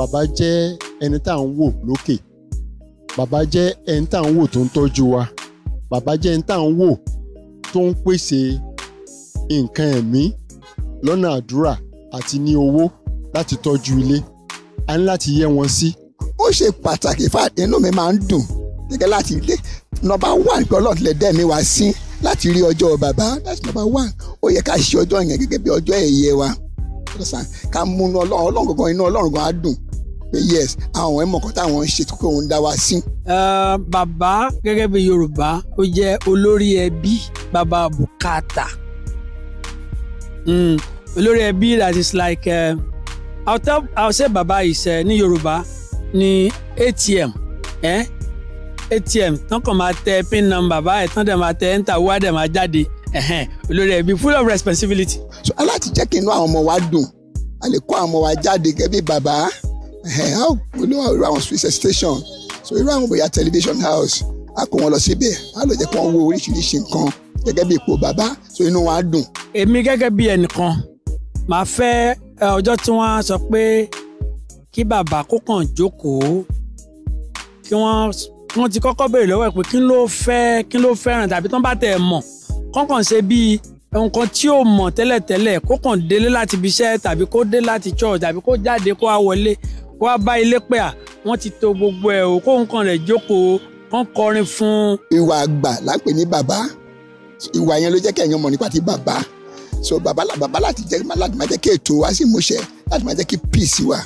bàbá jẹ́ ẹni tá à ń wò lókè bàbá jẹ́ ẹni tá à ń wò tó ń tọ́jú wa bàbá jẹ́ ẹni tá à ń wò tó ń pèsè nǹkan ẹ̀mí lọ́nà àdúrà àti ní owó láti tọ́jú ilé a ní láti yẹ wọn sí. ó ṣe pàtàkì fáàdé inú mi máa ń dùn gẹ́gẹ́ láti ilé nọ́mbà one pé Ọlọ́run lè dẹ́mi wá sí láti rí ọjọ́ bàbá that's nọ́mbà one ó yẹ ká ṣe ọjọ́ yẹn gẹ́gẹ́ bí ọjọ́ ẹ̀yẹ wa ká mú inú Ọlọ́run gangan inú Ọlọ́run gan á yes àwọn ẹ̀ mọ̀kàn táwọn ń ṣe kókó òun dá wa sí. bàbá gẹ́gẹ́ bí Yorùbá ó jẹ́ olórí ẹbí bàbá bùkátà hmm, olórí ẹbí that is like uh, tell I say bàbá is uh, ní Yorùbá ní ATM eh? ATM tán kàn máa tẹ pin number báyìí tán dẹ̀ máa tẹ enter wá dẹ̀ máa jáde olórí ẹbí full of responsibility. so aláti jẹ́ kí inú àwọn ọmọ wa dùn a lè kó àwọn ọmọ wa jáde gẹ́gẹ́ bí bàbá. Eh, how we olówó irú àwọn space station so irú àwọn your television house a kó wọn lọ síbẹ̀ a lọ jẹ́ kí wọ́n wo oríṣiríṣi nǹkan gẹ́gẹ́ bí ipò bàbá so inú wọn á dùn. èmi gẹ́gẹ́ bí ẹnìkan màá fẹ́ ọjọ́ tí wọ́n sọ pé kí bàbá kó kàn jókòó kí wọ́n wọ́n ti kọ́kọ́ béèrè lọ́wọ́ ẹ̀ pé kí ló fẹ́ kí ló fẹ́ràn tàbí tán bá tẹ̀ mọ̀ kọ́kàn ṣe bíi nǹkan tí ò mọ̀ tẹ́lẹ̀tẹ́lẹ̀ kó kàn délé láti ibi iṣẹ́ tàbí kó dé láti church tàbí kó jáde kó wá wọlé wá bá ilé pẹ́ à wọ́n ti to gbogbo ẹ̀ o kó nǹkan rẹ̀ jókòó kán kọrin fún ìwà àgbà lápè ní bàbá ìwà yẹn ló jẹ́ kẹ́yìn ọmọ nípa ti bàbá so bàbá láti máa jẹ́ kí ètò wa sì múṣẹ láti máa jẹ́ kí peace wà.